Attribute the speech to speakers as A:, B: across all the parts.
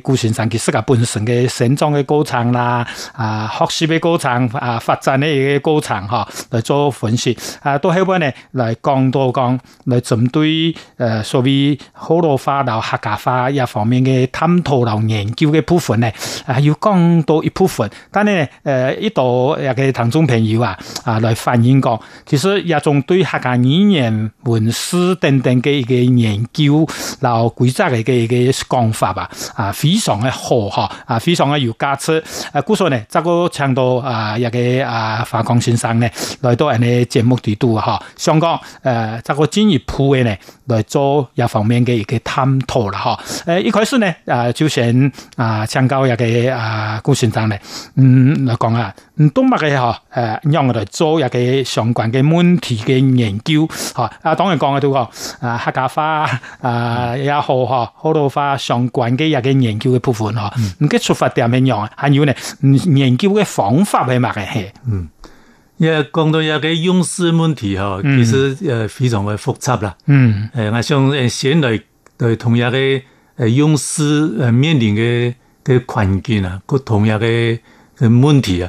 A: 故事上結識嘅本身嘅成長嘅過程啦、啊，啊，學識嘅過程啊，發展嘅嘅過程嗬、啊，嚟做分析。啊，都希望呢，嚟更多講嚟針對誒、呃，所謂好多化到客家話一方面嘅探討同研究嘅部分呢，啊，要更多一部分，但係咧誒呢、呃、一度又嘅聽眾朋友啊，啊，嚟反映講，其實又仲對客家語言、文史等等嘅一個研究，然後規則嘅一個講法吧，啊。非常嘅好哈，啊，非常嘅有價值。啊、呃，古 Sir 呢，今日請到啊、呃、一個啊華光先生呢，來到我哋節目地度哈。上講誒，一個專業鋪嘅呢，來做一方面嘅一個探討啦哈。誒、呃，一開始呢，啊、呃，就先啊請教一個啊、呃、古先生呢，嗯，來講啊。嗯，多乜嘅嗬，誒，讓我哋做一啲相關嘅問題嘅研究，嗬，啊，當然講嘅到個，啊客家話，啊也好嗬，好多話相關嘅一啲研究嘅部分嗬，唔嘅出發點係咩？係要呢？研究嘅方法係乜嘅？嗯，一
B: 講到一啲勇士問題嗬，其實誒非常嘅複雜啦。嗯，誒、嗯，嗯、我想誒先嚟對同樣嘅勇士誒面臨嘅困境啊，佢同樣嘅問題啊。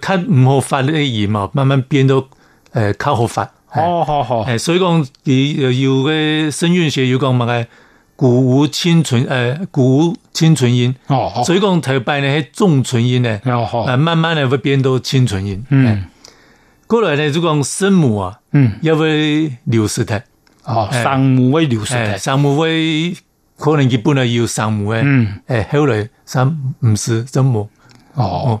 B: 看不唔好發的啲音啊，慢慢變到呃較好發。哦，好好。所以講佢又要嘅聲韻學，有講乜嘅古無輕唇，呃，古無輕唇音。Oh, oh. 所以講頭擺呢係重唇音呢。Oh, oh. 慢慢呢會變到輕唇音。嗯。過、嗯、來呢就講聲母啊，嗯，要會流失嘅。哦。聲母會流失。誒，聲母會可能佢本來要聲母嘅。嗯。誒，後來聲唔是聲母。哦。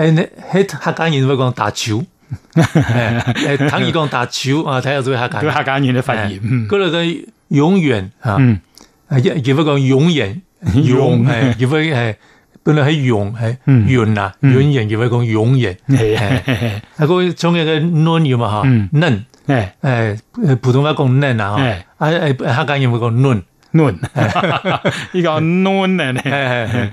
B: 誒，你喺客家人會講打球。誒，反而講打球啊，睇下做咩客家人？佢客家人嘅發言，嗰度嘅永遠啊，
C: 係
B: 亦亦會講永遠，永誒，亦會係本來係永係，永啊，永遠亦會講永遠。係啊，嗰種一個嫩要嘛，哈，嫩，誒誒，普通話講嫩啊，哈，啊誒，客家人會講嫩嫩，你講嫩咧。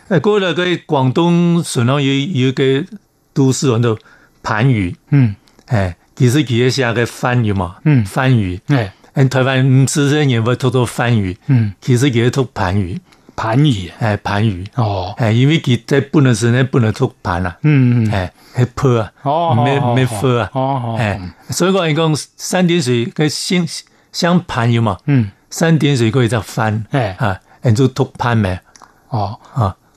B: 誒，過了佢廣東省澳有有個都市叫做番禺，嗯，誒，其實佢喺寫個番禺嘛，嗯，番禺，誒，誒，台灣唔知點解會會到番禺，嗯，其實佢喺讀番禺，番禺，誒，番禺，哦，誒，因為佢在不能時你不能讀番啊，嗯
C: 嗯，誒，
B: 係破啊，哦，咩咩破啊，哦，誒，所以講，你講三點水佢先先潘禺嘛，嗯，三點水可以做番，誒，啊，你就讀番咩，哦，啊。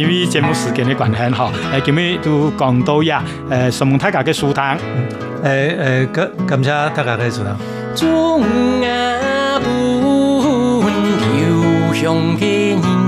A: 因為節目時間的關係，哈，哎，今日就講到呀，誒、呃，什麼大家
B: 嘅舒坦，誒誒，咁感謝大家嘅支
D: 持。嗯